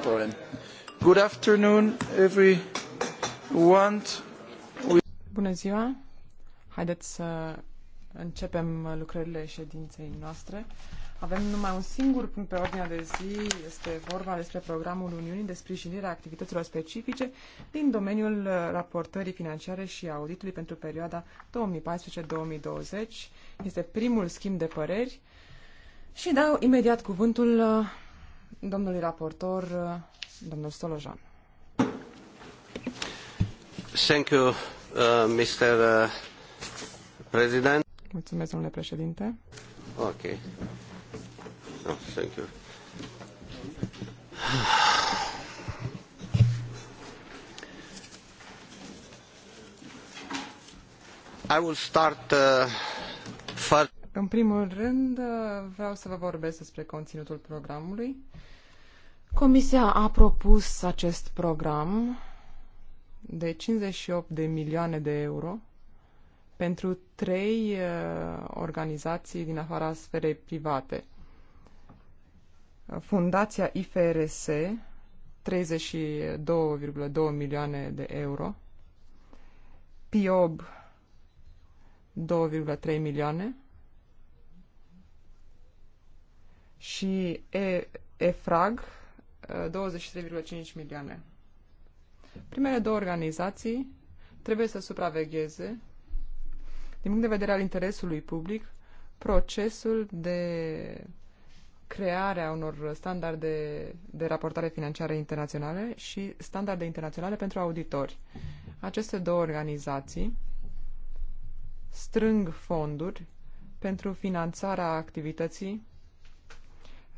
problem. Bună ziua. Haideți să începem lucrările ședinței noastre. Avem numai un singur punct pe ordinea de zi, este vorba despre programul Uniunii de sprijinire a activităților specifice din domeniul raportării financiare și auditului pentru perioada 2014-2020. Este primul schimb de păreri și dau imediat cuvântul domnului raportor, domnul Stolojan. Thank you, uh, Mr. Uh, president. Mulțumesc, domnule președinte. Ok. Oh, thank you. I will start uh, first. În primul rând, uh, vreau să vă vorbesc despre conținutul programului. Comisia a propus acest program de 58 de milioane de euro pentru trei uh, organizații din afara sferei private. Fundația IFRS, 32,2 milioane de euro, PIOB, 2,3 milioane și EFRAG, 23,5 milioane. Primele două organizații trebuie să supravegheze, din punct de vedere al interesului public, procesul de crearea unor standarde de raportare financiară internaționale și standarde internaționale pentru auditori. Aceste două organizații strâng fonduri pentru finanțarea activității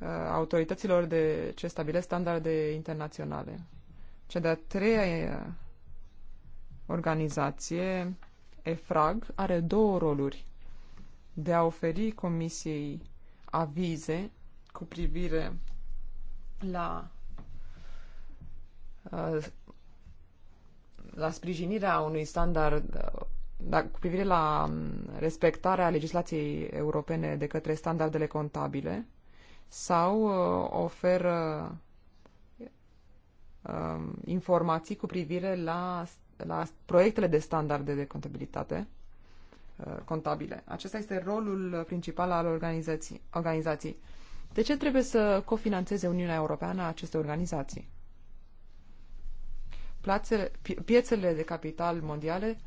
Uh, autorităților de ce stabilesc standarde internaționale. Cea de-a treia uh, organizație, EFRAG, are două roluri. De a oferi Comisiei avize cu privire la uh, la sprijinirea unui standard da, cu privire la um, respectarea legislației europene de către standardele contabile sau uh, oferă um, informații cu privire la, la proiectele de standarde de contabilitate uh, contabile. Acesta este rolul principal al organizației. organizației. De ce trebuie să cofinanțeze Uniunea Europeană aceste organizații? Plațele, piețele de capital mondiale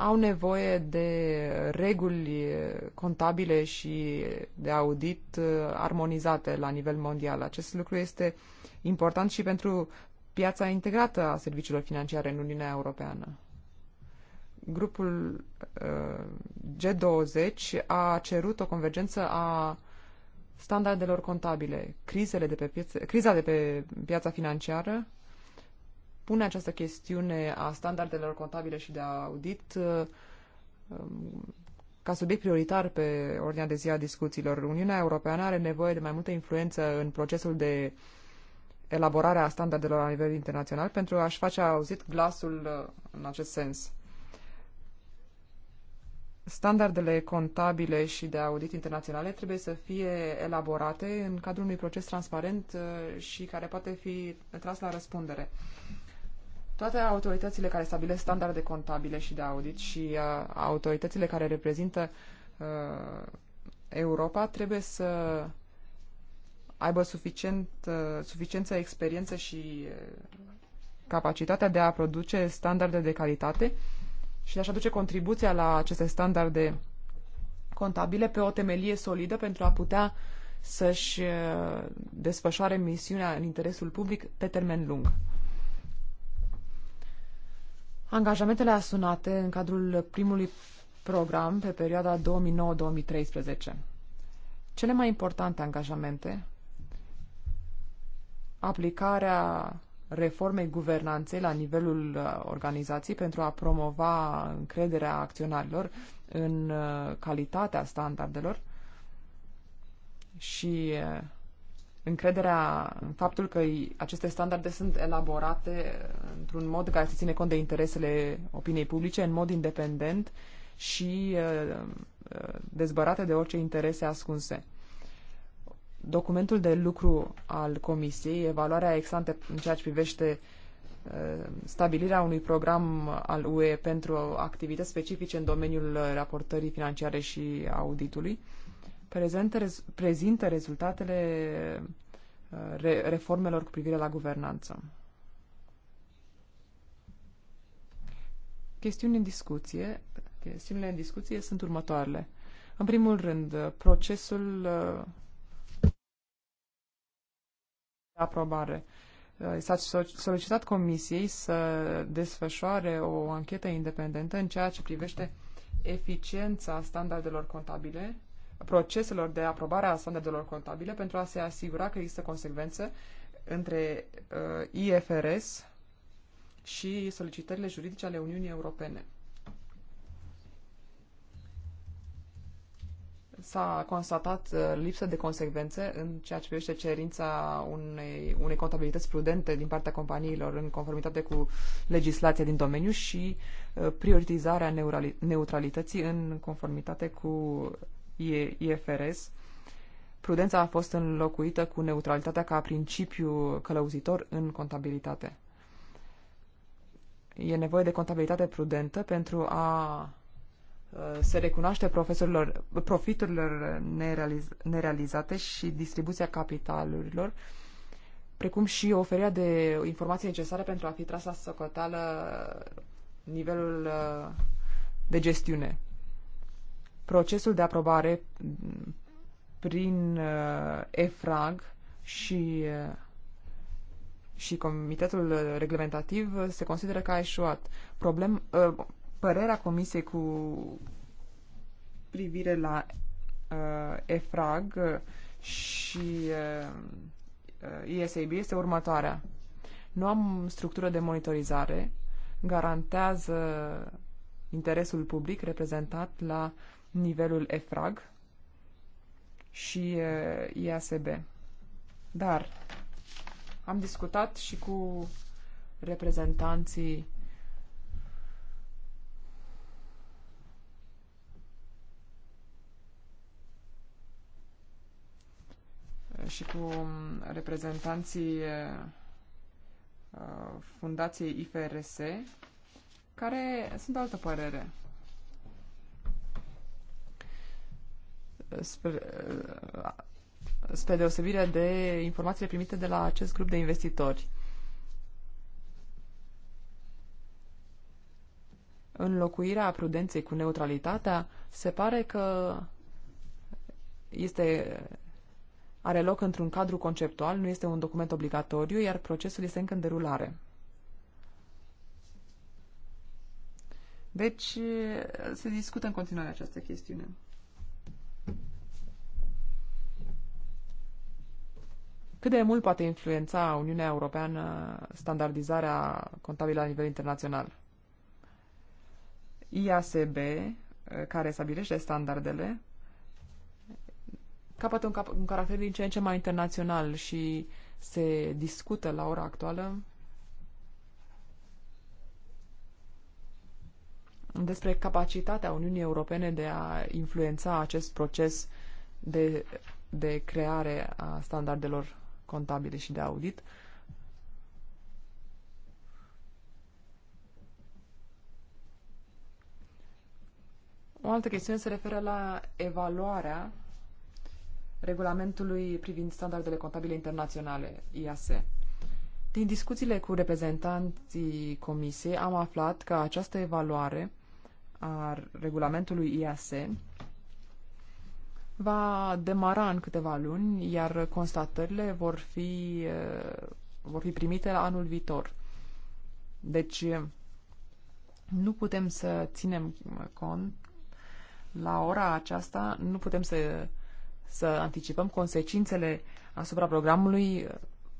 au nevoie de reguli contabile și de audit uh, armonizate la nivel mondial. Acest lucru este important și pentru piața integrată a serviciilor financiare în Uniunea Europeană. Grupul uh, G20 a cerut o convergență a standardelor contabile. Crizele de pe piață, criza de pe piața financiară pune această chestiune a standardelor contabile și de audit uh, um, ca subiect prioritar pe ordinea de zi a discuțiilor. Uniunea Europeană are nevoie de mai multă influență în procesul de elaborare a standardelor la nivel internațional pentru a-și face auzit glasul uh, în acest sens. Standardele contabile și de audit internaționale trebuie să fie elaborate în cadrul unui proces transparent uh, și care poate fi tras la răspundere. Toate autoritățile care stabilesc standarde contabile și de audit și uh, autoritățile care reprezintă uh, Europa trebuie să aibă suficient, uh, suficiență experiență și uh, capacitatea de a produce standarde de calitate și de a-și aduce contribuția la aceste standarde contabile pe o temelie solidă pentru a putea să-și uh, desfășoare misiunea în interesul public pe termen lung. Angajamentele asunate în cadrul primului program pe perioada 2009-2013. Cele mai importante angajamente, aplicarea reformei guvernanței la nivelul uh, organizației pentru a promova încrederea acționarilor în uh, calitatea standardelor și uh, încrederea în faptul că aceste standarde sunt elaborate într-un mod care se ține cont de interesele opiniei publice, în mod independent și uh, uh, dezbărate de orice interese ascunse. Documentul de lucru al Comisiei, evaluarea ante în ceea ce privește uh, stabilirea unui program al UE pentru activități specifice în domeniul raportării financiare și auditului, prezentă, prezintă rezultatele uh, reformelor cu privire la guvernanță. Chestiuni în discuție, chestiunile în discuție sunt următoarele. În primul rând, uh, procesul uh, de aprobare. S-a solicitat comisiei să desfășoare o anchetă independentă în ceea ce privește eficiența standardelor contabile proceselor de aprobare a standardelor contabile pentru a se asigura că există consecvențe între uh, IFRS și solicitările juridice ale Uniunii Europene. s-a constatat uh, lipsă de consecvențe în ceea ce privește cerința unei, unei contabilități prudente din partea companiilor în conformitate cu legislația din domeniu și uh, prioritizarea neutralității în conformitate cu IFRS, prudența a fost înlocuită cu neutralitatea ca principiu călăuzitor în contabilitate. E nevoie de contabilitate prudentă pentru a uh, se recunoaște profesorilor, profiturilor nerealiz, nerealizate și distribuția capitalurilor, precum și oferirea de informații necesare pentru a fi trasă la socoteală nivelul uh, de gestiune procesul de aprobare prin uh, EFRAG și, uh, și Comitetul Reglementativ se consideră că a eșuat. Problem, uh, părerea Comisiei cu privire la EFRAG și ESAB este următoarea. Nu am structură de monitorizare, garantează interesul public reprezentat la uh, nivelul EFRAG și IASB. Dar am discutat și cu reprezentanții și cu mm, reprezentanții fundației IFRS, care sunt de altă părere. spre, spre deosebire de informațiile primite de la acest grup de investitori. Înlocuirea prudenței cu neutralitatea se pare că este are loc într-un cadru conceptual, nu este un document obligatoriu, iar procesul este încă în derulare. Deci, se discută în continuare această chestiune. Cât de mult poate influența Uniunea Europeană standardizarea contabilă la nivel internațional? IASB, care stabilește standardele, capătă un, cap- un caracter din ce în ce mai internațional și se discută la ora actuală despre capacitatea Uniunii Europene de a influența acest proces de, de creare a standardelor contabile și de audit. O altă chestiune se referă la evaluarea regulamentului privind standardele contabile internaționale, IAS. Din discuțiile cu reprezentanții Comisiei am aflat că această evaluare a regulamentului IAS va demara în câteva luni, iar constatările vor fi, eh, vor fi primite la anul viitor. Deci, eh, nu putem să ținem cont la ora aceasta, nu putem să, să anticipăm consecințele asupra programului eh,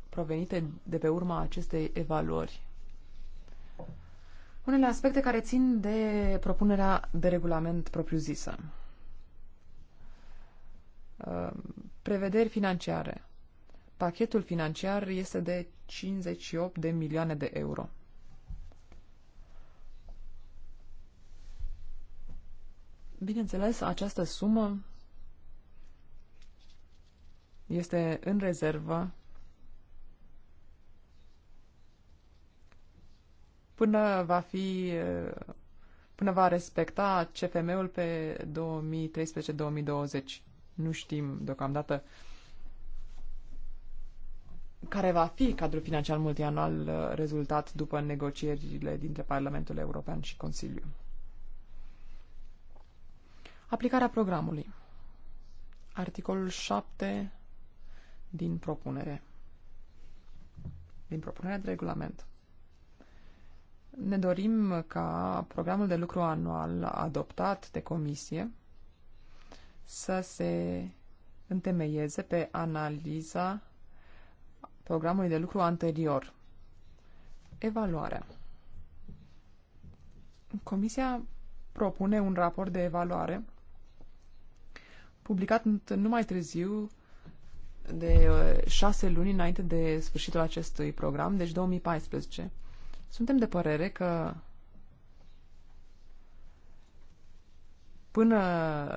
provenite de pe urma acestei evaluări. Unele aspecte care țin de propunerea de regulament propriu-zisă. Uh, prevederi financiare. Pachetul financiar este de 58 de milioane de euro. Bineînțeles, această sumă este în rezervă până va fi uh, până va respecta CFM-ul pe 2013-2020. Nu știm deocamdată care va fi cadrul financiar multianual uh, rezultat după negocierile dintre Parlamentul European și Consiliu. Aplicarea programului. Articolul 7 din propunere. Din propunerea de regulament. Ne dorim ca programul de lucru anual adoptat de comisie să se întemeieze pe analiza programului de lucru anterior. Evaluarea. Comisia propune un raport de evaluare publicat nu mai târziu de uh, șase luni înainte de sfârșitul acestui program, deci 2014. Suntem de părere că Până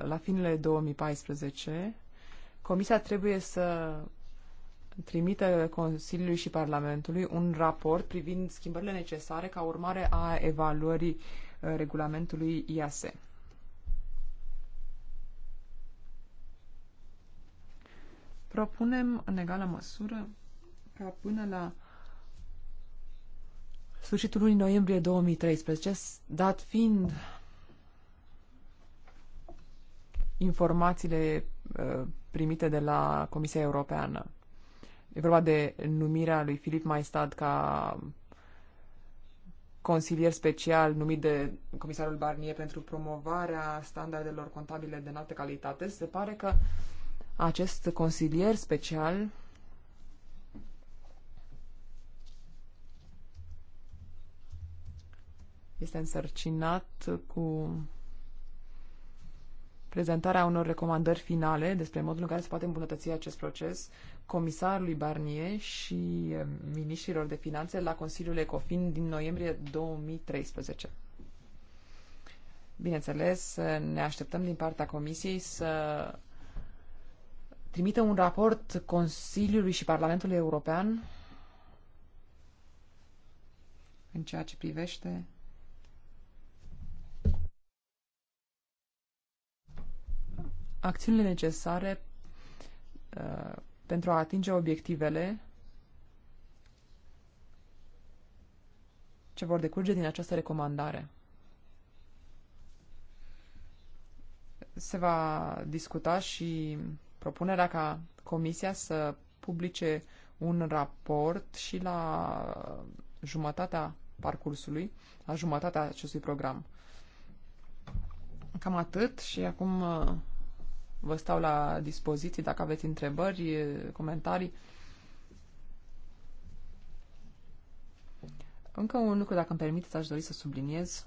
la finele 2014, Comisia trebuie să trimită Consiliului și Parlamentului un raport privind schimbările necesare ca urmare a evaluării uh, regulamentului IAS. Propunem în egală măsură ca până la sfârșitul lunii noiembrie 2013, dat fiind informațiile uh, primite de la Comisia Europeană. E vorba de numirea lui Filip Maestad ca consilier special numit de comisarul Barnier pentru promovarea standardelor contabile de înaltă calitate. Se pare că acest consilier special este însărcinat cu prezentarea unor recomandări finale despre modul în care se poate îmbunătăți acest proces comisarului Barnier și eh, ministrilor de finanțe la Consiliul Ecofin din noiembrie 2013. Bineînțeles, eh, ne așteptăm din partea Comisiei să trimită un raport Consiliului și Parlamentului European în ceea ce privește acțiunile necesare uh, pentru a atinge obiectivele ce vor decurge din această recomandare. Se va discuta și propunerea ca Comisia să publice un raport și la jumătatea parcursului, la jumătatea acestui program. Cam atât și acum uh, Vă stau la dispoziție dacă aveți întrebări, comentarii. Încă un lucru, dacă îmi permiteți, aș dori să subliniez.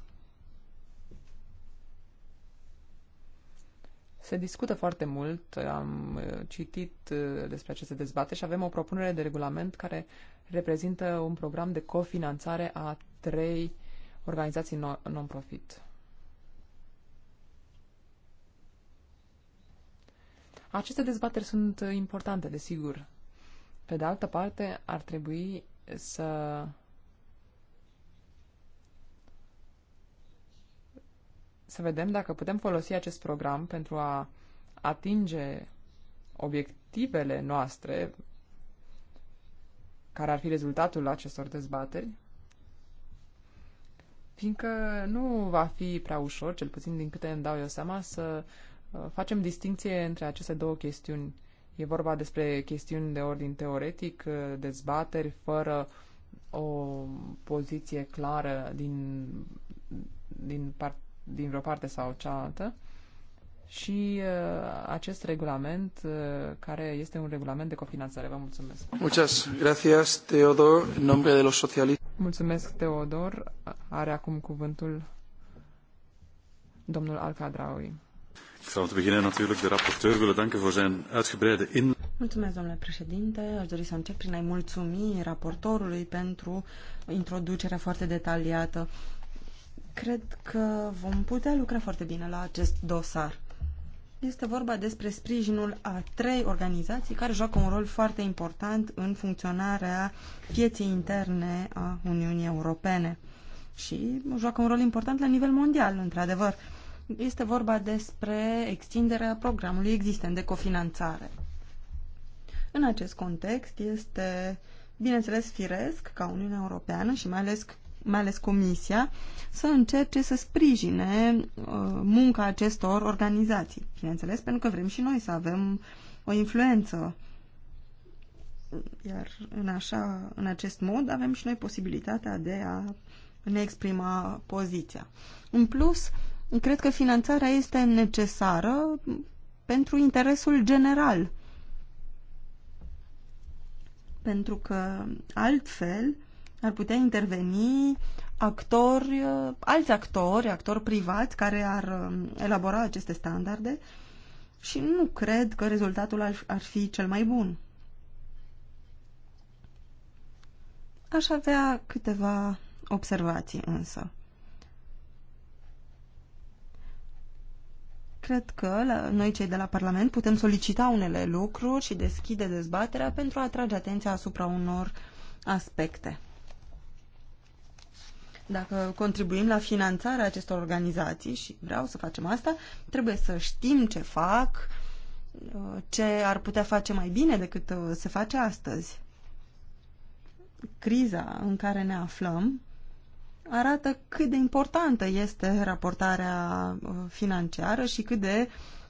Se discută foarte mult, am uh, citit uh, despre aceste dezbate și avem o propunere de regulament care reprezintă un program de cofinanțare a trei organizații non-profit. Aceste dezbateri sunt importante, desigur. Pe de altă parte, ar trebui să să vedem dacă putem folosi acest program pentru a atinge obiectivele noastre care ar fi rezultatul acestor dezbateri, fiindcă nu va fi prea ușor, cel puțin din câte îmi dau eu seama, să facem distinție între aceste două chestiuni. E vorba despre chestiuni de ordin teoretic, dezbateri fără o poziție clară din, din, part, din vreo parte sau cealaltă și uh, acest regulament uh, care este un regulament de cofinanțare. Vă mulțumesc. Muchas gracias, Teodor, în nombre de los socialistas. Mulțumesc, Teodor. Are acum cuvântul domnul Alcadraui zal te beginnen natuurlijk de rapporteur willen danken voor zijn uitgebreide in. Mulțumesc, domnule președinte. Aș dori să încep prin a-i mulțumi raportorului pentru introducerea foarte detaliată. Cred că vom putea lucra foarte bine la acest dosar. Este vorba despre sprijinul a trei organizații care joacă un rol foarte important în funcționarea pieței interne a Uniunii Europene și joacă un rol important la nivel mondial, într-adevăr. Este vorba despre extinderea programului existent de cofinanțare. În acest context este, bineînțeles, firesc ca Uniunea Europeană și mai ales, mai ales Comisia să încerce să sprijine uh, munca acestor organizații. Bineînțeles, pentru că vrem și noi să avem o influență. Iar în, așa, în acest mod avem și noi posibilitatea de a ne exprima poziția. În plus, Cred că finanțarea este necesară pentru interesul general. Pentru că altfel ar putea interveni actori, alți actori, actori privați care ar um, elabora aceste standarde și nu cred că rezultatul ar, ar fi cel mai bun. Aș avea câteva observații însă. Cred că noi, cei de la Parlament, putem solicita unele lucruri și deschide dezbaterea pentru a atrage atenția asupra unor aspecte. Dacă contribuim la finanțarea acestor organizații și vreau să facem asta, trebuie să știm ce fac, ce ar putea face mai bine decât uh, se face astăzi. Criza în care ne aflăm arată cât de importantă este raportarea uh, financiară și cât de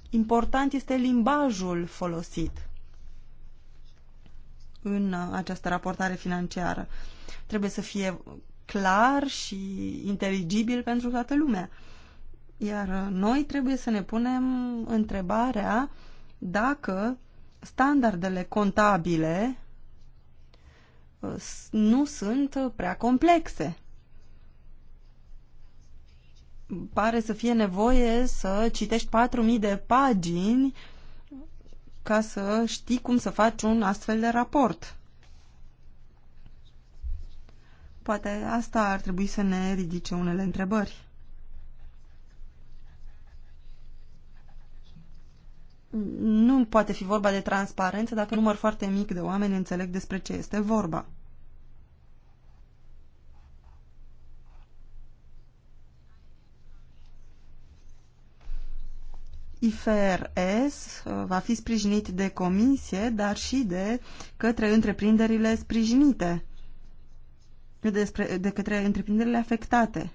important este limbajul folosit în uh, această raportare financiară. Trebuie să fie clar și inteligibil pentru toată lumea. Iar uh, noi trebuie să ne punem întrebarea dacă standardele contabile nu sunt prea complexe pare să fie nevoie să citești 4.000 de pagini ca să știi cum să faci un astfel de raport. Poate asta ar trebui să ne ridice unele întrebări. Nu poate fi vorba de transparență dacă număr foarte mic de oameni înțeleg despre ce este vorba. IFRS uh, va fi sprijinit de comisie, dar și de către întreprinderile sprijinite, de, de către întreprinderile afectate.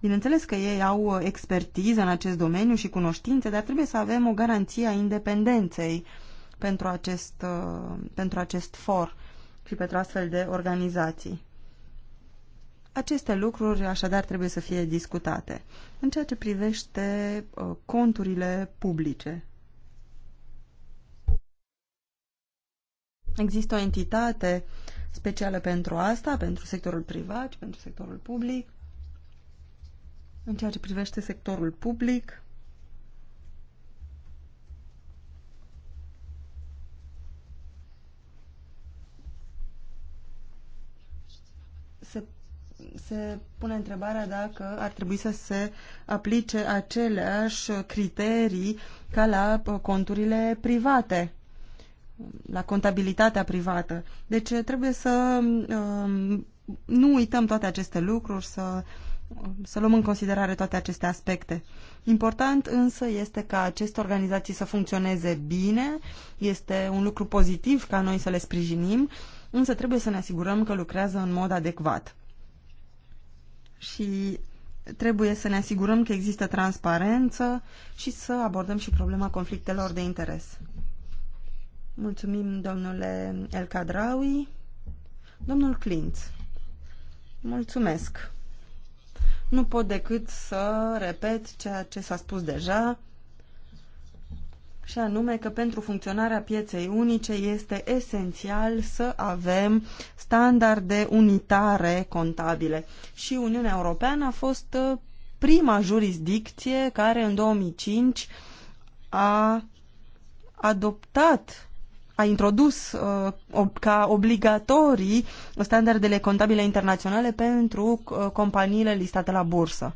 Bineînțeles că ei au expertiză în acest domeniu și cunoștințe, dar trebuie să avem o garanție a independenței pentru acest, uh, pentru acest for și pentru astfel de organizații. Aceste lucruri așadar trebuie să fie discutate. În ceea ce privește uh, conturile publice, există o entitate specială pentru asta, pentru sectorul privat, pentru sectorul public. În ceea ce privește sectorul public, se pune întrebarea dacă ar trebui să se aplice aceleași criterii ca la uh, conturile private, la contabilitatea privată. Deci uh, trebuie să um, nu uităm toate aceste lucruri, să, uh, să luăm în considerare toate aceste aspecte. Important însă este ca aceste organizații să funcționeze bine, este un lucru pozitiv ca noi să le sprijinim, însă trebuie să ne asigurăm că lucrează în mod adecvat și trebuie să ne asigurăm că există transparență și să abordăm și problema conflictelor de interes. Mulțumim, domnule El Cadraui. Domnul Clint, mulțumesc. Nu pot decât să repet ceea ce s-a spus deja și anume că pentru funcționarea pieței unice este esențial să avem standarde unitare contabile. Și Uniunea Europeană a fost uh, prima jurisdicție care în 2005 a adoptat a introdus uh, ob, ca obligatorii standardele contabile internaționale pentru uh, companiile listate la bursă.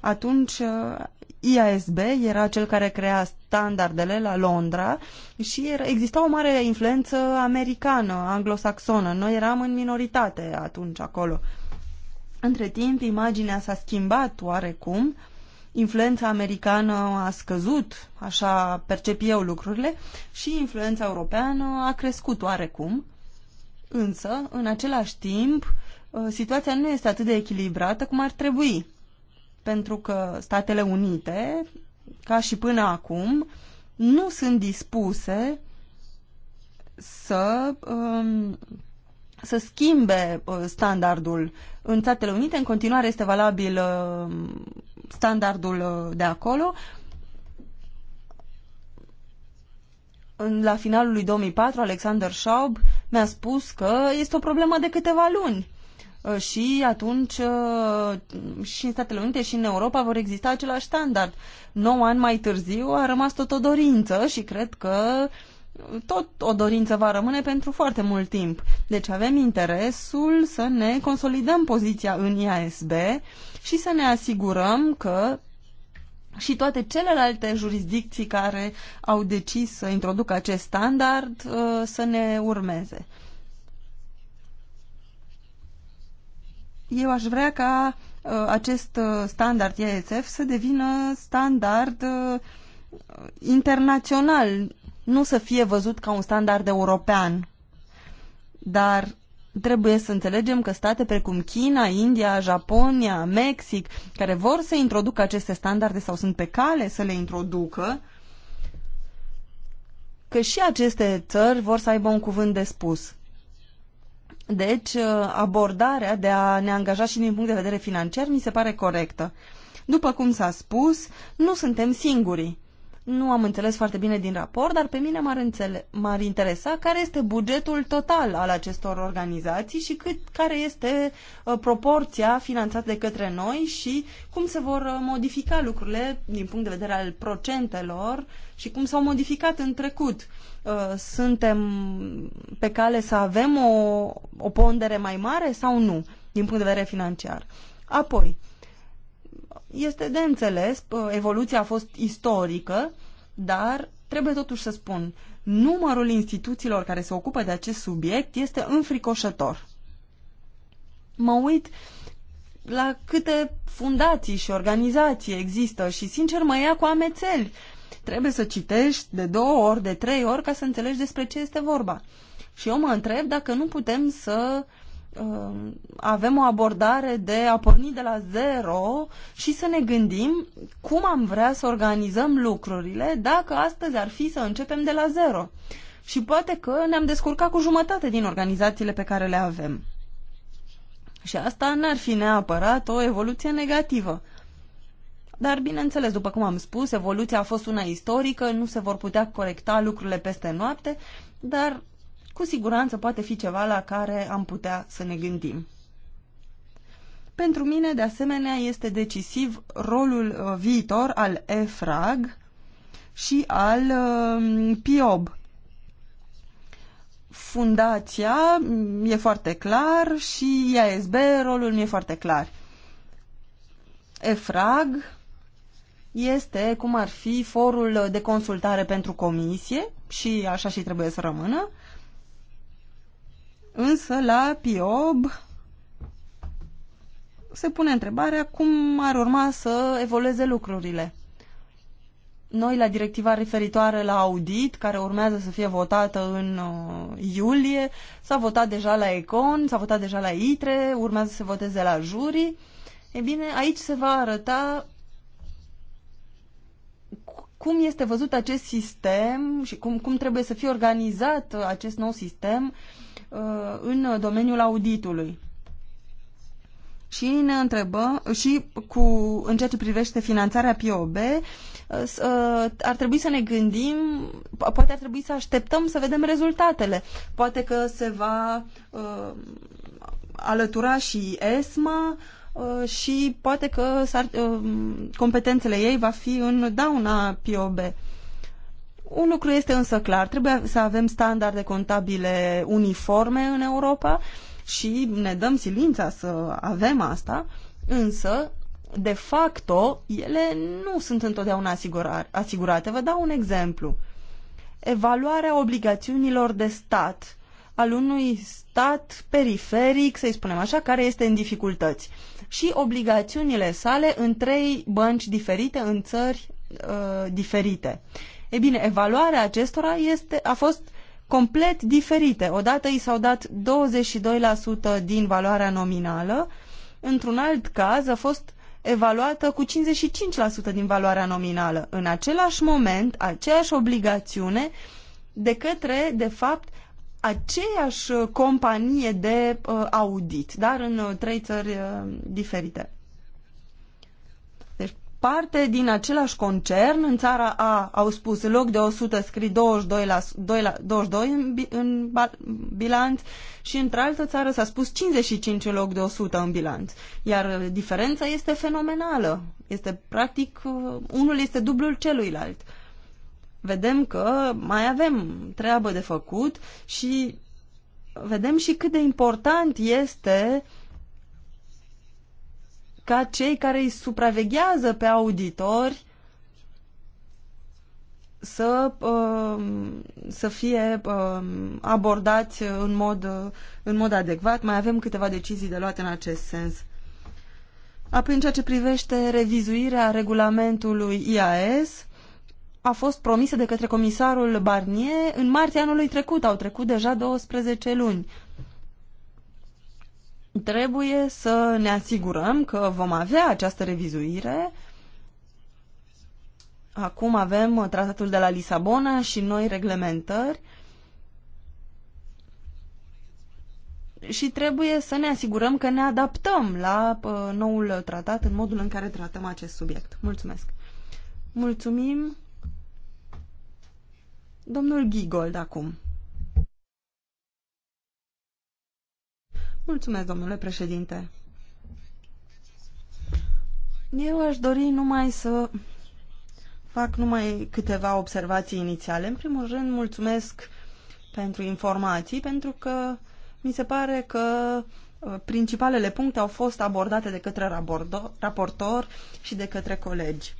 Atunci uh, IASB era cel care crea standardele la Londra și era, exista o mare influență americană, anglosaxonă. Noi eram în minoritate atunci acolo. Între timp, imaginea s-a schimbat oarecum, influența americană a scăzut, așa percep eu lucrurile, și influența europeană a crescut oarecum. Însă, în același timp, uh, situația nu este atât de echilibrată cum ar trebui pentru că Statele Unite, ca și până acum, nu sunt dispuse să, um, să schimbe uh, standardul. În Statele Unite, în continuare, este valabil uh, standardul uh, de acolo. la finalul lui 2004, Alexander Schaub mi-a spus că este o problemă de câteva luni Uh, și atunci uh, și în Statele Unite și în Europa vor exista același standard. 9 ani mai târziu a rămas tot o dorință și cred că tot o dorință va rămâne pentru foarte mult timp. Deci avem interesul să ne consolidăm poziția în IASB și să ne asigurăm că și toate celelalte jurisdicții care au decis să introducă acest standard uh, să ne urmeze. Eu aș vrea ca uh, acest uh, standard IASF să devină standard uh, internațional, nu să fie văzut ca un standard european. Dar trebuie să înțelegem că state precum China, India, Japonia, Mexic, care vor să introducă aceste standarde sau sunt pe cale să le introducă, că și aceste țări vor să aibă un cuvânt de spus. Deci, uh, abordarea de a ne angaja și din punct de vedere financiar mi se pare corectă. După cum s-a spus, nu suntem singurii nu am înțeles foarte bine din raport, dar pe mine m-ar, înțele- m-ar interesa care este bugetul total al acestor organizații și cât, care este uh, proporția finanțată de către noi și cum se vor uh, modifica lucrurile din punct de vedere al procentelor și cum s-au modificat în trecut. Uh, suntem pe cale să avem o, o pondere mai mare sau nu din punct de vedere financiar. Apoi, uh, este de înțeles, evoluția a fost istorică, dar trebuie totuși să spun, numărul instituțiilor care se ocupă de acest subiect este înfricoșător. Mă uit la câte fundații și organizații există și, sincer, mă ia cu amețeli. Trebuie să citești de două ori, de trei ori, ca să înțelegi despre ce este vorba. Și eu mă întreb dacă nu putem să uh, Um, avem o abordare de a porni de la zero și să ne gândim cum am vrea să organizăm lucrurile dacă astăzi ar fi să începem de la zero. Și poate că ne-am descurcat cu jumătate din organizațiile pe care le avem. Și asta n-ar fi neapărat o evoluție negativă. Dar, bineînțeles, după cum am spus, evoluția a fost una istorică, nu se vor putea corecta lucrurile peste noapte, dar cu siguranță poate fi ceva la care am putea să ne gândim. Pentru mine, de asemenea, este decisiv rolul uh, viitor al EFRAG și al um, PIOB. Fundația mm, e foarte clar și IASB rolul mi e foarte clar. EFRAG este cum ar fi forul de consultare pentru comisie și așa și trebuie să rămână Însă la PIOB se pune întrebarea cum ar urma să evolueze lucrurile. Noi la directiva referitoare la audit, care urmează să fie votată în uh, iulie, s-a votat deja la Econ, s-a votat deja la ITRE, urmează să se voteze la juri. E bine, aici se va arăta cum este văzut acest sistem și cum, cum trebuie să fie organizat acest nou sistem uh, Uh, în domeniul auditului. Și ne întrebă, și cu, în ceea ce privește finanțarea POB, uh, uh, ar trebui să ne gândim, poate ar trebui să așteptăm să vedem rezultatele. Poate că se va uh, alătura și ESMA uh, și poate că uh, competențele ei va fi în dauna POB. Un lucru este însă clar, trebuie să avem standarde contabile uniforme în Europa și ne dăm silința să avem asta, însă, de facto, ele nu sunt întotdeauna asigurate. Vă dau un exemplu. Evaluarea obligațiunilor de stat al unui stat periferic, să-i spunem așa, care este în dificultăți și obligațiunile sale în trei bănci diferite, în țări uh, diferite. E bine, evaluarea acestora este, a fost complet diferite. Odată i s-au dat 22% din valoarea nominală, într-un alt caz a fost evaluată cu 55% din valoarea nominală. În același moment, aceeași obligațiune de către, de fapt, aceeași companie de uh, audit, dar în uh, trei țări uh, diferite parte din același concern, în țara A au spus în loc de 100 scrii 22, la, 2 la, 22 în, în bilanț și într-altă țară s-a spus 55 în loc de 100 în bilanț. Iar diferența este fenomenală. Este practic, unul este dublul celuilalt. Vedem că mai avem treabă de făcut și vedem și cât de important este uh, ca cei care îi supraveghează pe auditori să, um, să fie um, abordați în mod, în mod adecvat. Mai avem câteva decizii de luat în acest sens. Apoi, în ceea ce privește revizuirea regulamentului IAS, a fost promisă de către comisarul Barnier în martie anului trecut. Au trecut deja 12 luni. Trebuie să ne asigurăm că vom avea această revizuire. Acum avem tratatul de la Lisabona și noi reglementări și trebuie să ne asigurăm că ne adaptăm la uh, noul tratat în modul în care tratăm acest subiect. Mulțumesc! Mulțumim! Domnul Gigold acum. Mulțumesc, domnule președinte. Eu aș dori numai să fac numai câteva observații inițiale. În primul rând, mulțumesc pentru informații, pentru că mi se pare că uh, principalele puncte au fost abordate de către raportor și de către colegi.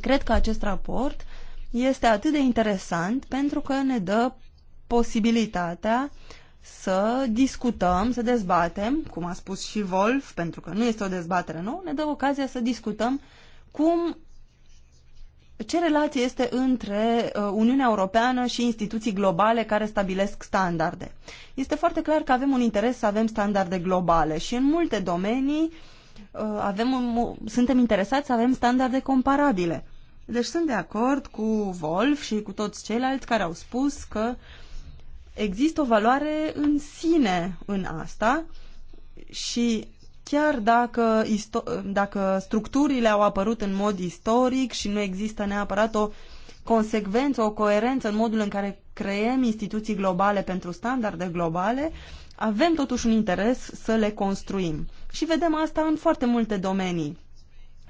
Cred că acest raport este atât de interesant pentru că ne dă posibilitatea să discutăm, să dezbatem, cum a spus și Wolf, pentru că nu este o dezbatere nouă, ne dă ocazia să discutăm cum ce relație este între uh, Uniunea Europeană și instituții globale care stabilesc standarde? Este foarte clar că avem un interes să avem standarde globale și în multe domenii uh, avem, suntem interesați să avem standarde comparabile. Deci sunt de acord cu Wolf și cu toți ceilalți care au spus că Există o valoare în sine în asta și chiar dacă, dacă structurile au apărut în mod istoric și nu există neapărat o consecvență, o coerență în modul în care creăm instituții globale pentru standarde globale, avem totuși un interes să le construim. Și vedem asta în foarte multe domenii.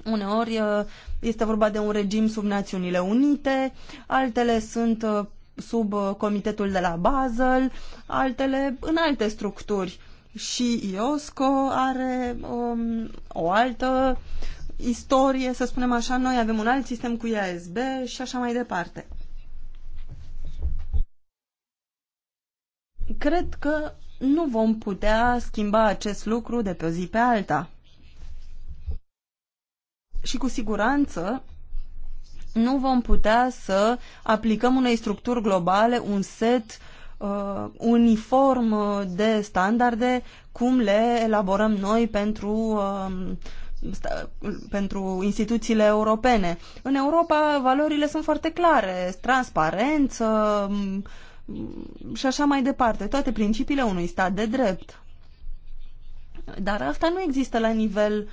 Uneori uh, este vorba de un regim sub Națiunile Unite, altele sunt uh, sub uh, comitetul de la Basel, altele în alte structuri. Și IOSCO are um, o altă istorie, să spunem așa, noi avem un alt sistem cu IASB și așa mai departe. Cred că nu vom putea schimba acest lucru de pe o zi pe alta. Și cu siguranță nu vom putea să aplicăm unei structuri globale un set uh, uniform uh, de standarde cum le elaborăm noi pentru uh, pentru instituțiile europene. În Europa valorile sunt foarte clare, transparență um, și așa mai departe, toate principiile unui stat de drept. Dar asta nu există la nivel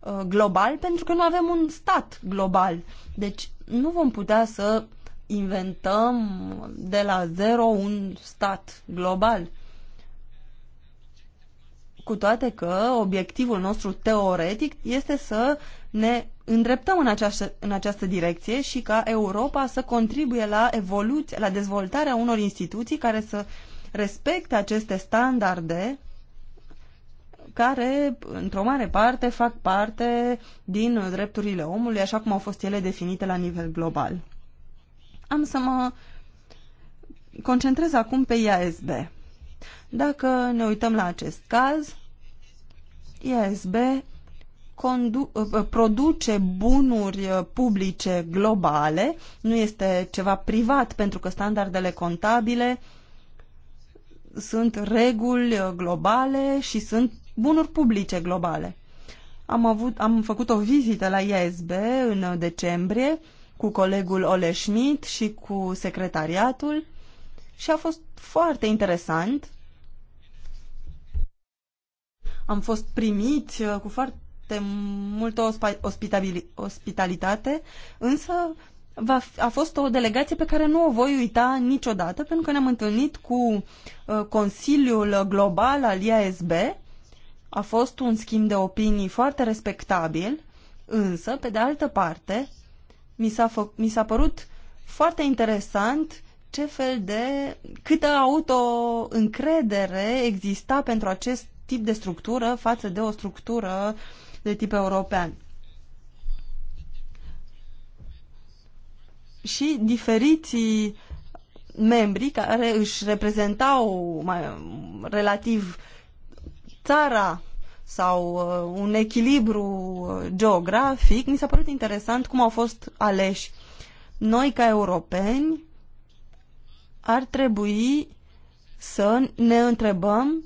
uh, global pentru că nu avem un stat global. Deci nu vom putea să inventăm de la zero un stat global. Cu toate că obiectivul nostru teoretic este să ne îndreptăm în această, în această direcție și ca Europa să contribuie la evoluție, la dezvoltarea unor instituții care să respecte aceste standarde care, într-o mare parte, fac parte din drepturile omului, așa cum au fost ele definite la nivel global. Am să mă concentrez acum pe IASB. Dacă ne uităm la acest caz, IASB uh, produce bunuri uh, publice globale, nu este ceva privat, pentru că standardele contabile sunt reguli uh, globale și sunt bunuri publice globale. Am, avut, am făcut o vizită la ISB în decembrie cu colegul Ole Schmidt și cu secretariatul și a fost foarte interesant. Am fost primiți uh, cu foarte multă ospitalitate, însă va fi, a fost o delegație pe care nu o voi uita niciodată, pentru că ne-am întâlnit cu uh, Consiliul Global al IASB a fost un schimb de opinii foarte respectabil, însă, pe de altă parte, mi s-a, mi s-a părut foarte interesant ce fel de, câtă autoîncredere exista pentru acest tip de structură față de o structură de tip european. Și diferiții membri care își reprezentau mai, relativ uh, țara sau uh, un echilibru uh, geografic, mi s-a părut interesant cum au fost aleși. Noi, ca europeni, ar trebui să ne întrebăm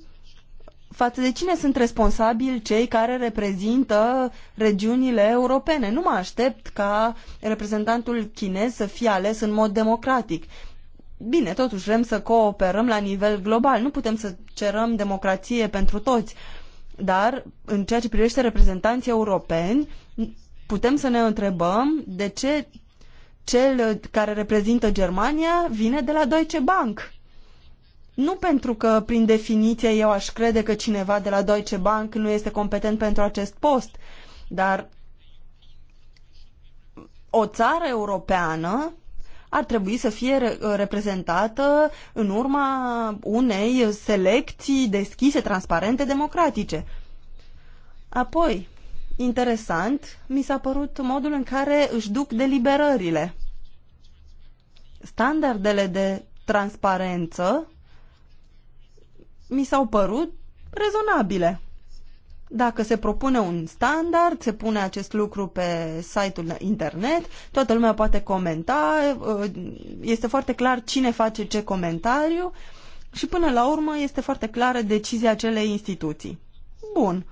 față de cine sunt responsabili cei care reprezintă regiunile europene. Nu mă aștept ca reprezentantul chinez să fie ales în mod democratic. Bine, totuși vrem să cooperăm la nivel global. Nu putem să cerăm democrație pentru toți, dar în ceea ce privește reprezentanții europeni, putem să ne întrebăm de ce cel care reprezintă Germania vine de la Deutsche Bank. Nu pentru că, prin definiție, eu aș crede că cineva de la Deutsche Bank nu este competent pentru acest post, dar o țară europeană ar trebui să fie uh, reprezentată în urma unei selecții deschise, transparente, democratice. Apoi, interesant, mi s-a părut modul în care își duc deliberările. Standardele de transparență mi s-au părut rezonabile. Dacă se propune un standard, se pune acest lucru pe site-ul internet, toată lumea poate comenta, uh, este foarte clar cine face ce comentariu și până la urmă este foarte clară decizia acelei instituții. Bun,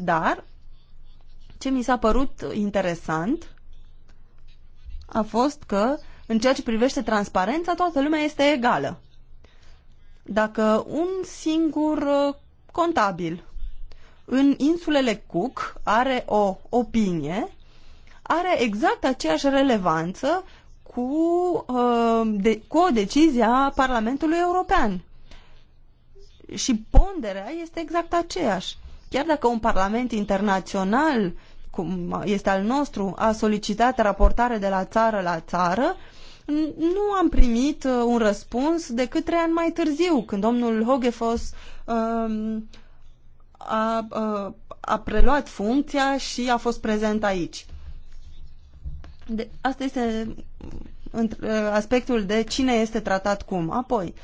dar ce mi s-a părut interesant a fost că în ceea ce privește transparența, toată lumea este egală. Dacă un singur uh, contabil în insulele Cook are o opinie, are exact aceeași relevanță cu, uh, de, cu o decizie a Parlamentului European. Și ponderea este exact aceeași. Chiar dacă un parlament internațional, cum este al nostru, a solicitat raportare de la țară la țară, nu am primit uh, un răspuns decât trei ani mai târziu, când domnul Hogefoss uh, a, a, preluat funcția și a fost prezent aici. De, asta este ă, aspectul de cine este tratat cum. Apoi,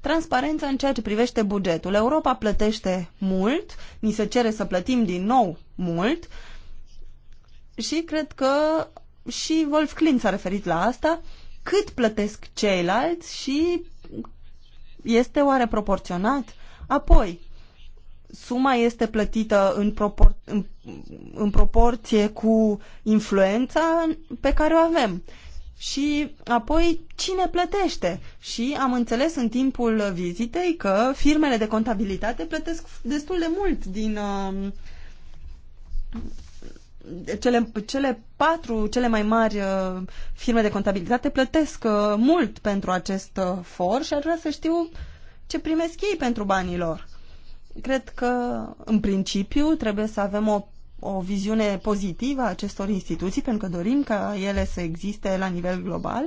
transparența în ceea ce privește bugetul. Europa plătește mult, ni se cere să plătim din nou mult și cred că și Wolf Klint s-a referit la asta, cât plătesc ceilalți și este oare proporționat? Apoi, suma este plătită în, propor- în, în proporție cu influența pe care o avem. Și apoi cine plătește? Și am înțeles în timpul vizitei că firmele de contabilitate plătesc destul de mult din uh, cele, cele patru, cele mai mari uh, firme de contabilitate plătesc uh, mult pentru acest uh, for și ar vrea să știu ce primesc ei pentru banii lor. Cred că, în principiu, trebuie să avem o, o viziune pozitivă a acestor instituții, pentru că dorim ca ele să existe la nivel global,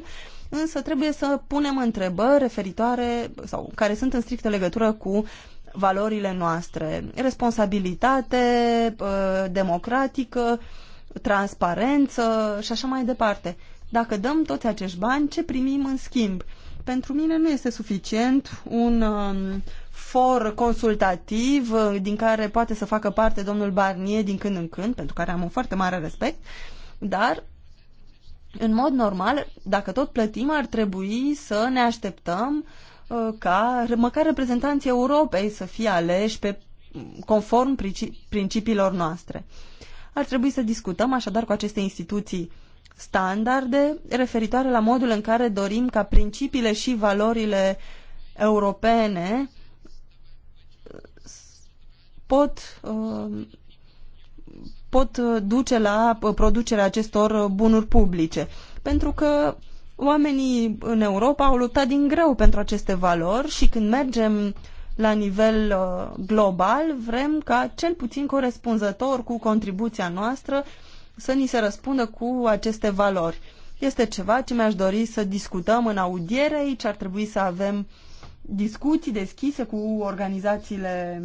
însă trebuie să punem întrebări referitoare sau care sunt în strictă legătură cu valorile noastre. Responsabilitate uh, democratică, transparență și așa mai departe. Dacă dăm toți acești bani, ce primim în schimb? Pentru mine nu este suficient un um, for consultativ uh, din care poate să facă parte domnul Barnier din când în când, pentru care am un foarte mare respect, dar în mod normal, dacă tot plătim, ar trebui să ne așteptăm uh, ca măcar reprezentanții Europei să fie aleși pe conform principiilor noastre. Ar trebui să discutăm așadar cu aceste instituții standarde referitoare la modul în care dorim ca principiile și valorile europene uh, pot, uh, pot uh, duce la uh, producerea acestor bunuri publice. Pentru că oamenii în Europa au luptat din greu pentru aceste valori și când mergem la nivel global, vrem ca cel puțin corespunzător cu contribuția noastră să ni se răspundă cu aceste valori. Este ceva ce mi-aș dori să discutăm în audiere, aici ar trebui să avem discuții deschise cu organizațiile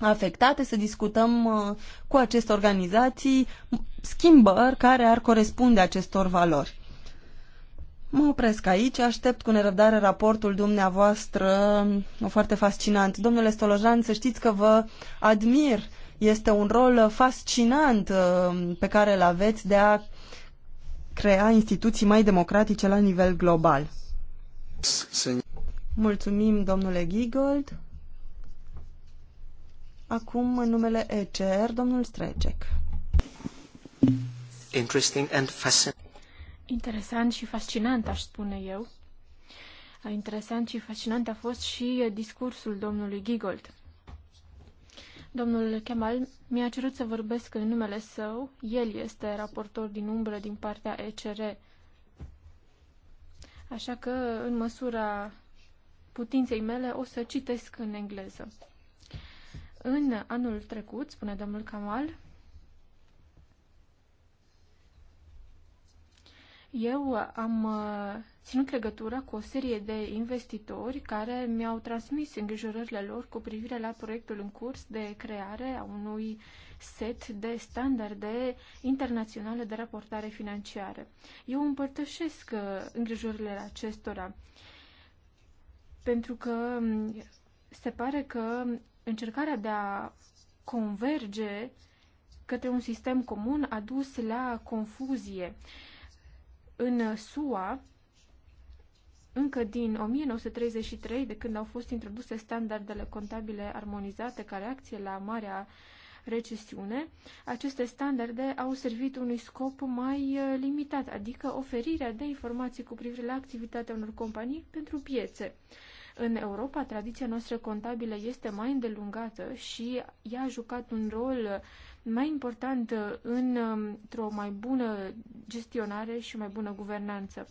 afectate, să discutăm uh, cu aceste organizații schimbări care ar corespunde acestor valori. Mă opresc aici, aștept cu nerăbdare raportul dumneavoastră, uh, foarte fascinant. Domnule Stolojan, să știți că vă admir. Este un rol uh, fascinant pe care îl aveți de a crea instituții mai democratice la nivel global. Mulțumim, domnule Giegold. Acum, în numele ECR, domnul Strecek. Interesting and fascinating. Interesant și fascinant, aș spune eu. Interesant și fascinant a fost și discursul domnului Gigold. Domnul Kemal mi-a cerut să vorbesc în numele său. El este raportor din umbră din partea ECR. Așa că, în măsura putinței mele, o să citesc în engleză. În anul trecut, spune domnul Kamal, eu am uh, ținut legătura cu o serie de investitori care mi-au transmis îngrijorările lor cu privire la proiectul în curs de creare a unui set de standarde internaționale de raportare financiară. Eu împărtășesc uh, îngrijorările acestora pentru că um, se pare că încercarea de a converge către un sistem comun a dus la confuzie. În SUA, încă din 1933, de când au fost introduse standardele contabile armonizate ca reacție la Marea recesiune, aceste standarde au servit unui scop mai uh, limitat, adică oferirea de informații cu privire la activitatea unor companii pentru piețe. În Europa, tradiția noastră contabilă este mai îndelungată și ea a jucat un rol mai important în, într-o mai bună gestionare și mai bună guvernanță.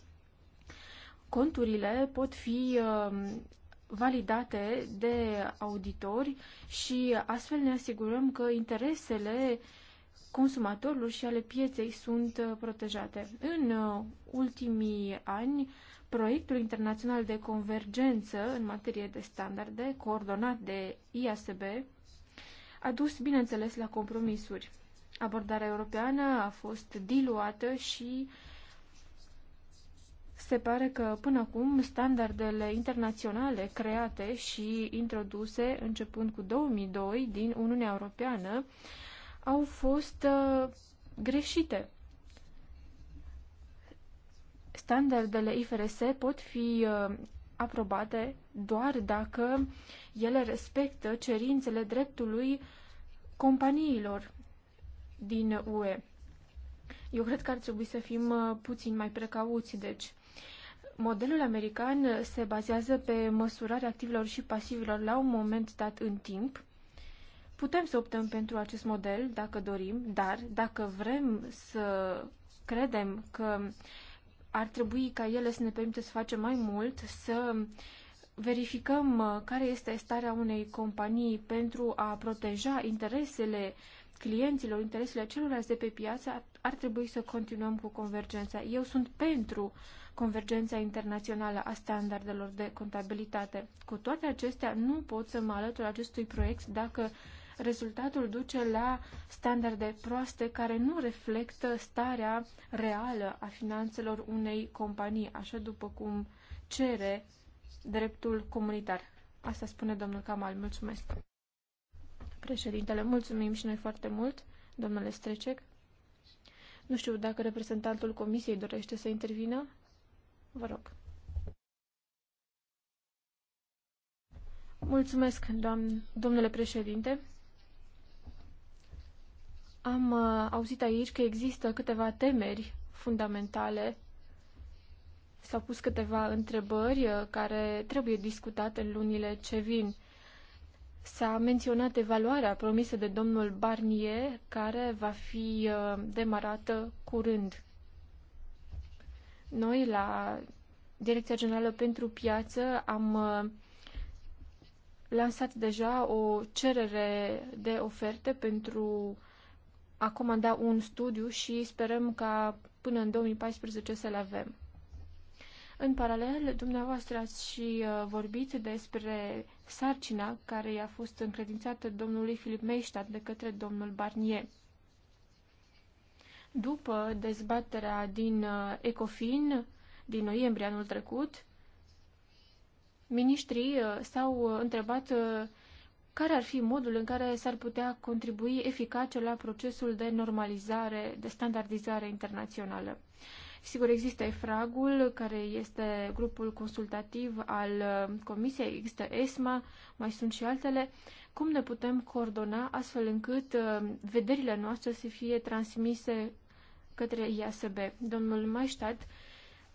Conturile pot fi um, validate de auditori și astfel ne asigurăm că interesele consumatorilor și ale pieței sunt uh, protejate. În uh, ultimii ani, Proiectul internațional de convergență în materie de standarde, coordonat de IASB, a dus, bineînțeles, la compromisuri. Abordarea europeană a fost diluată și se pare că până acum standardele internaționale create și introduse începând cu 2002 din Uniunea Europeană au fost uh, greșite standardele IFRS pot fi uh, aprobate doar dacă ele respectă cerințele dreptului companiilor din UE. Eu cred că ar trebui să fim uh, puțin mai precauți, deci. Modelul american se bazează pe măsurarea activelor și pasivilor la un moment dat în timp. Putem să optăm pentru acest model dacă dorim, dar dacă vrem să credem că ar trebui ca ele să ne permită să facem mai mult, să verificăm uh, care este starea unei companii pentru a proteja interesele clienților, interesele celorlalți de pe piață, ar, trebui să continuăm cu convergența. Eu sunt pentru convergența internațională a standardelor de contabilitate. Cu toate acestea, nu pot să mă alătur acestui proiect dacă uh, rezultatul duce la standarde proaste care nu reflectă starea reală a finanțelor unei companii, așa după cum cere dreptul comunitar. Asta spune domnul Kamal. Mulțumesc. Președintele, mulțumim și noi foarte mult, domnule Strecec. Nu știu dacă reprezentantul comisiei dorește să intervină. Vă rog. Mulțumesc, doamn, domnule președinte. Am uh, auzit aici că există câteva temeri fundamentale. S-au pus câteva întrebări uh, care trebuie discutate în lunile ce vin. S-a menționat evaluarea promisă de domnul Barnier, care va fi uh, demarată curând. Noi, la Direcția Generală pentru Piață, am lansat deja o cerere de oferte pentru a comanda un studiu și sperăm ca până în 2014 să-l avem. În paralel, dumneavoastră ați și uh, vorbit despre sarcina care i-a fost încredințată domnului Filip Meistat de către domnul Barnier. După dezbaterea din uh, Ecofin din noiembrie anul trecut, ministrii uh, s-au întrebat care ar fi modul în care s-ar putea contribui eficace la procesul de normalizare, de standardizare internațională. Sigur, există EFRAG-ul, care este grupul consultativ al uh, Comisiei, există ESMA, mai sunt și altele. Cum ne putem coordona astfel încât uh, vederile noastre să fie transmise către IASB? Domnul Maistat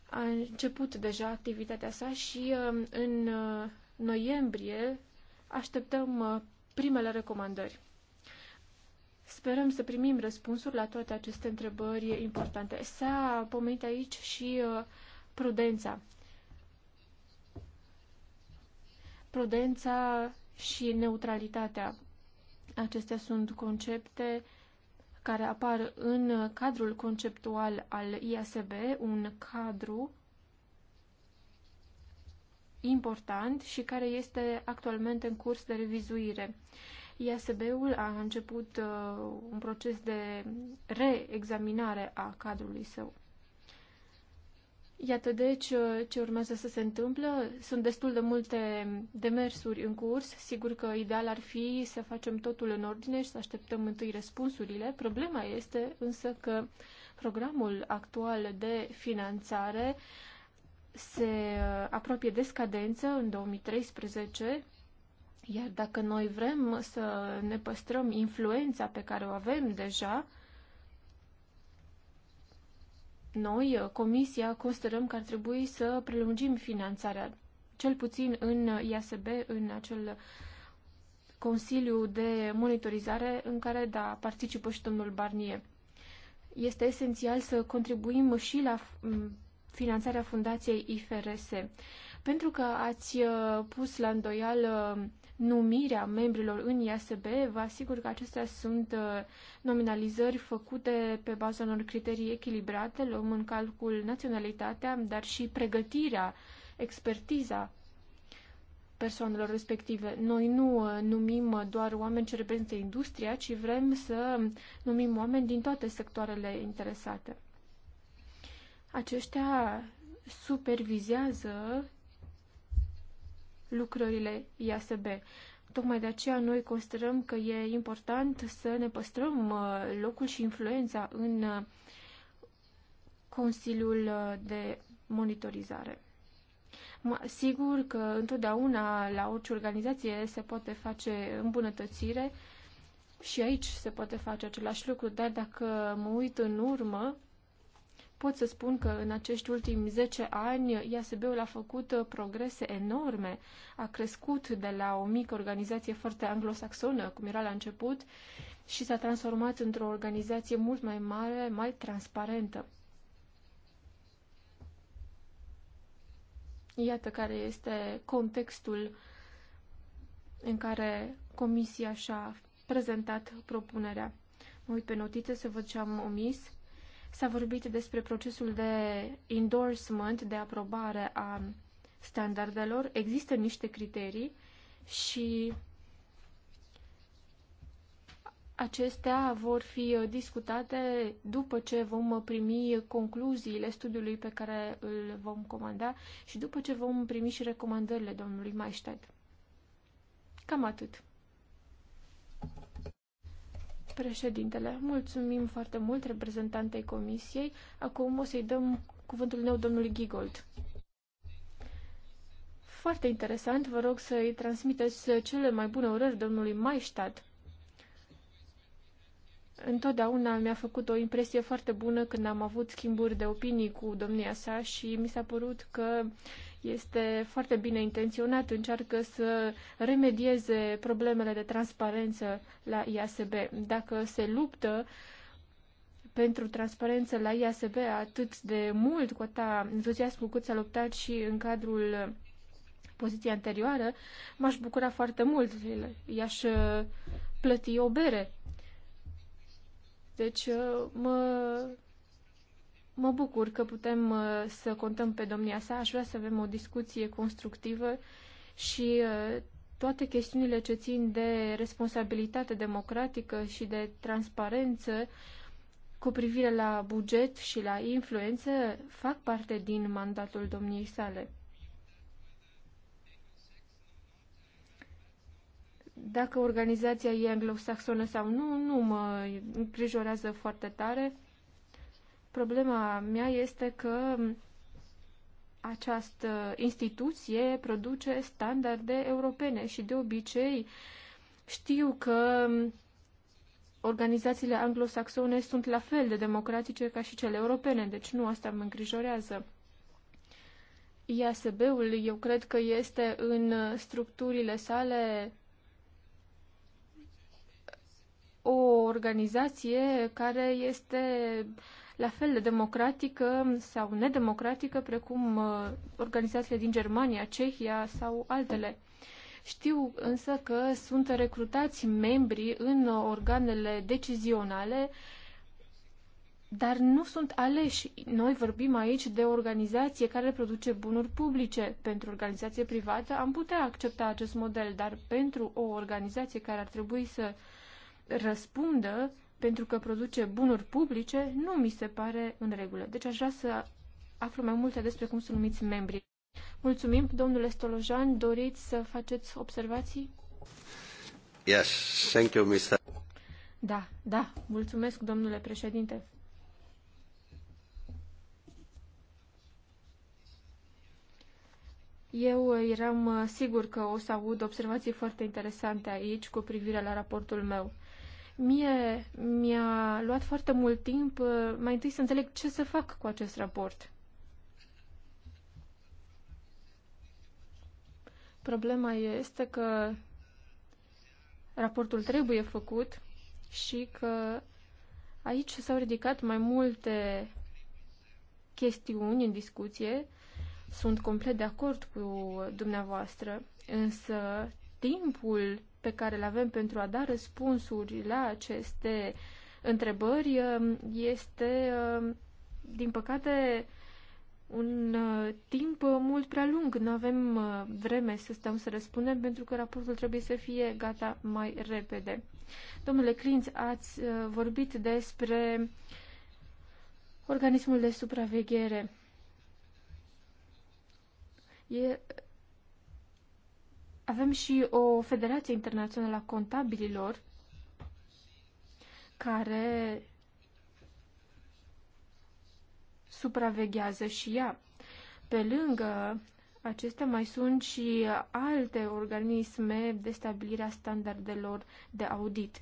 a început deja activitatea sa și uh, în noiembrie Așteptăm uh, primele recomandări. Sperăm să primim răspunsuri la toate aceste întrebări importante. S-a pomenit aici și uh, prudența. Prudența și neutralitatea. Acestea sunt concepte care apar în uh, cadrul conceptual al IASB, un cadru important și care este actualmente în curs de revizuire. IASB-ul a început uh, un proces de reexaminare a cadrului său. Iată deci uh, ce urmează să se întâmplă. Sunt destul de multe demersuri în curs. Sigur că ideal ar fi să facem totul în ordine și să așteptăm întâi răspunsurile. Problema este însă că programul actual de finanțare uh, se uh, apropie de scadență în 2013, iar dacă noi vrem să ne păstrăm influența pe care o avem deja, noi, uh, Comisia, considerăm că ar trebui să prelungim finanțarea, cel puțin în IASB, în acel Consiliu de Monitorizare în care, da, participă și domnul Barnier. Este esențial să contribuim și la mm, finanțarea fundației IFRS. Pentru că ați uh, pus la îndoială numirea membrilor în IASB, vă asigur că acestea sunt uh, nominalizări făcute pe baza unor criterii echilibrate, luăm în calcul naționalitatea, dar și pregătirea, expertiza persoanelor respective. Noi nu uh, numim doar oameni ce reprezintă industria, ci vrem să numim oameni din toate sectoarele interesate aceștia supervizează lucrările IASB. Tocmai de aceea noi considerăm că e important să ne păstrăm uh, locul și influența în uh, Consiliul uh, de Monitorizare. Sigur că întotdeauna la orice organizație se poate face îmbunătățire și aici se poate face același lucru, dar dacă mă uit în urmă, pot să spun că în acești ultimi 10 ani IASB-ul a făcut uh, progrese enorme. A crescut de la o mică organizație foarte anglosaxonă, cum era la început, și s-a transformat într-o organizație mult mai mare, mai transparentă. Iată care este contextul în care Comisia și-a prezentat propunerea. Mă uit pe notițe să văd ce am omis. S-a vorbit despre procesul de endorsement, de aprobare a standardelor. Există niște criterii și acestea vor fi discutate după ce vom primi concluziile studiului pe care îl vom comanda și după ce vom primi și recomandările domnului Maistad. Cam atât. Președintele, mulțumim foarte mult reprezentantei Comisiei. Acum o să-i dăm cuvântul meu domnului Gigold. Foarte interesant, vă rog să-i transmiteți cele mai bune urări domnului Maistat. Întotdeauna mi-a făcut o impresie foarte bună când am avut schimburi de opinii cu domnia sa și mi s-a părut că uh, este foarte bine intenționat, încearcă să remedieze problemele de transparență la IASB. Dacă se luptă pentru transparență la IASB atât de mult, cu atâta entuziasmul cât s-a luptat și în cadrul poziției anterioară, m-aș bucura foarte mult. I-aș uh, plăti o bere. Deci uh, mă Mă bucur că putem uh, să contăm pe domnia sa. Aș vrea să avem o discuție constructivă și uh, toate chestiunile ce țin de responsabilitate democratică și de transparență cu privire la buget și la influență fac parte din mandatul domniei sale. Dacă organizația e anglosaxonă sau nu, nu mă îngrijorează foarte tare Problema mea este că această instituție produce standarde europene și de obicei știu că organizațiile anglosaxone sunt la fel de democratice ca și cele europene, deci nu asta mă îngrijorează. IASB-ul, eu cred că este în structurile sale o organizație care este uh, la fel de democratică sau nedemocratică precum uh, organizațiile din Germania, Cehia sau altele. Știu însă că sunt recrutați membri în organele decizionale, dar nu sunt aleși. Noi vorbim aici de organizație care produce bunuri publice. Pentru organizație privată am putea accepta acest model, dar pentru o organizație care ar trebui să răspundă pentru că produce bunuri publice, nu mi se pare în regulă. Deci aș vrea să aflu mai multe despre cum sunt numiți membrii. Mulțumim, domnule Stolojan, doriți să faceți observații? Yes, thank you, Mr. Da, da, mulțumesc, domnule președinte. Eu eram uh, sigur că o să aud observații foarte interesante aici cu privire la raportul meu. Mie mi-a luat foarte mult timp uh, mai întâi să înțeleg ce să fac cu acest raport. Problema este că raportul trebuie făcut și că aici s-au ridicat mai multe chestiuni în discuție. Sunt complet de acord cu dumneavoastră, însă timpul pe care le avem pentru a da răspunsuri la aceste întrebări um, este, um, din păcate, un uh, timp uh, mult prea lung. Nu avem uh, vreme să stăm să răspundem pentru că raportul trebuie să fie gata mai repede. Domnule Clinț, ați vorbit despre organismul de supraveghere. E avem și o Federație Internațională a Contabililor care supraveghează și ea. Pe lângă acestea mai sunt și alte organisme de stabilire a standardelor de audit.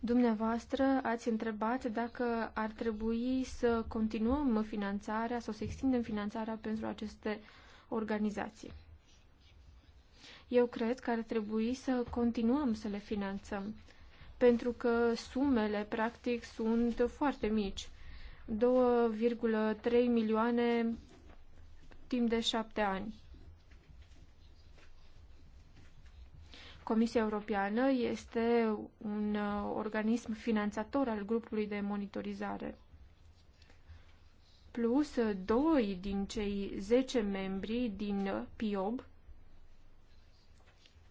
Dumneavoastră ați întrebat dacă ar trebui să continuăm finanțarea sau să extindem finanțarea pentru aceste organizații. Eu cred că ar trebui să continuăm să le finanțăm, pentru că sumele, practic, sunt foarte mici. 2,3 milioane timp de șapte ani. Comisia Europeană este un uh, organism finanțator al grupului de monitorizare plus doi din cei zece membri din PIOB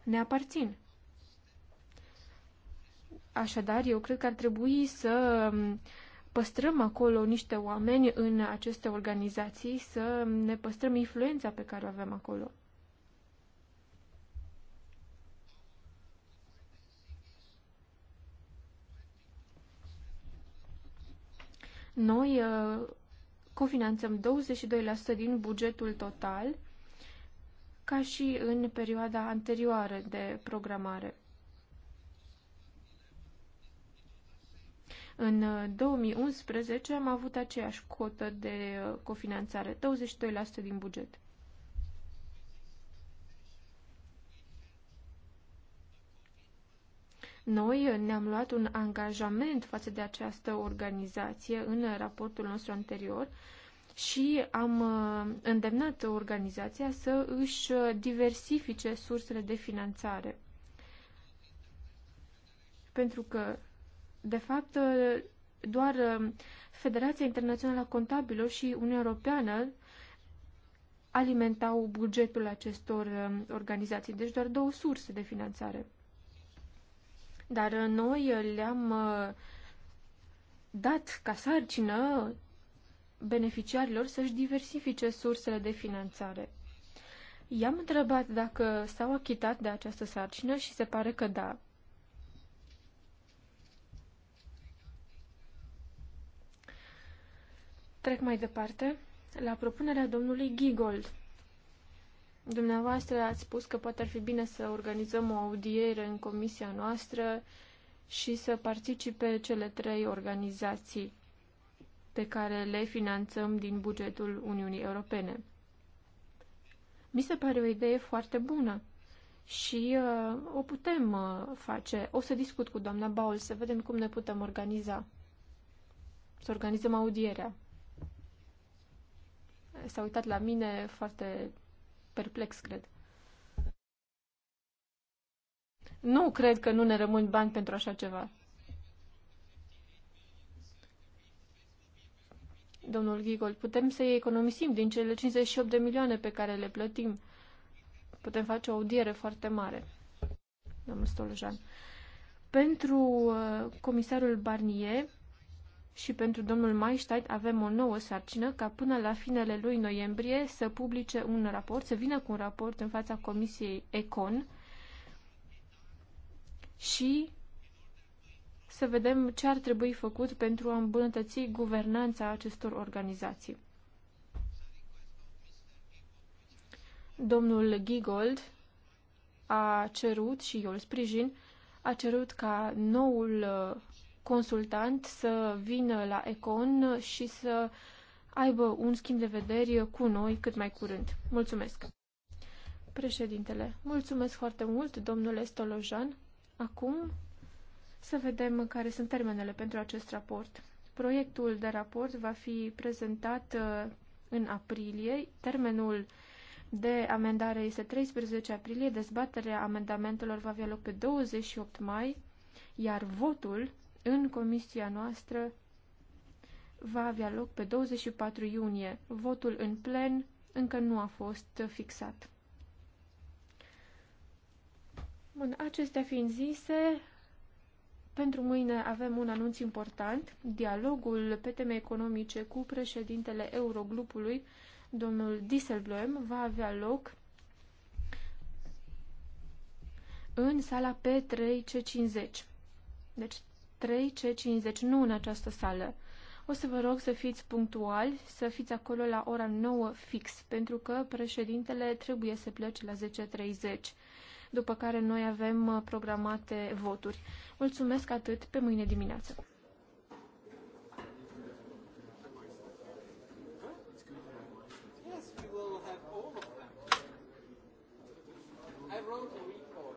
ne aparțin. Așadar, eu cred că ar trebui să um, păstrăm acolo niște oameni în aceste organizații, să ne păstrăm influența pe care o avem acolo. Noi uh, cofinanțăm 22% din bugetul total, ca și în perioada anterioară de programare. În 2011 uh, am avut aceeași cotă de uh, cofinanțare, 22% din buget. Noi ne-am luat un angajament față de această organizație în raportul nostru anterior și am uh, îndemnat organizația să își diversifice sursele de finanțare. Pentru că, de fapt, uh, doar uh, Federația Internațională a Contabilor și Uniunea Europeană alimentau bugetul acestor organizații, deci doar două surse de finanțare dar uh, noi uh, le-am uh, dat ca sarcină beneficiarilor să-și diversifice sursele de finanțare. I-am întrebat dacă s-au achitat de această sarcină și se pare că da. Trec mai departe la propunerea domnului Gigold. Dumneavoastră ați spus că poate ar fi bine să organizăm o audiere în comisia noastră și să participe cele trei organizații pe care le finanțăm din bugetul Uniunii Europene. Mi se pare o idee foarte bună și uh, o putem uh, face. O să discut cu doamna Baul să vedem cum ne putem organiza. Să organizăm audierea. S-a uitat la mine foarte perplex, cred. Nu cred că nu ne rămân bani pentru așa ceva. Domnul Gigol, putem să economisim din cele 58 de milioane pe care le plătim. Putem face o audiere foarte mare, domnul Stolojan. Pentru uh, comisarul Barnier, și pentru domnul Maistad avem o nouă sarcină ca până la finele lui noiembrie să publice un raport, să vină cu un raport în fața Comisiei Econ și să vedem ce ar trebui făcut pentru a îmbunătăți guvernanța acestor organizații. Domnul Gigold a cerut și eu îl sprijin, a cerut ca noul consultant să vină la Econ și să aibă un schimb de vederi cu noi cât mai curând. Mulțumesc! Președintele, mulțumesc foarte mult, domnule Stolojan. Acum să vedem care sunt termenele pentru acest raport. Proiectul de raport va fi prezentat uh, în aprilie. Termenul de amendare este 13 aprilie, dezbaterea amendamentelor va avea loc pe 28 mai, iar votul în comisia noastră va avea loc pe 24 iunie. Votul în plen încă nu a fost fixat. Bun, acestea fiind zise, pentru mâine avem un anunț important. Dialogul pe teme economice cu președintele Eurogrupului, domnul Dieselblom, va avea loc în sala P3C50. Deci 3C50, nu în această sală. O să vă rog să fiți punctuali, să fiți acolo la ora 9 fix, pentru că președintele trebuie să plece la 10.30, după care noi avem uh, programate voturi. Mulțumesc atât, pe mâine dimineață!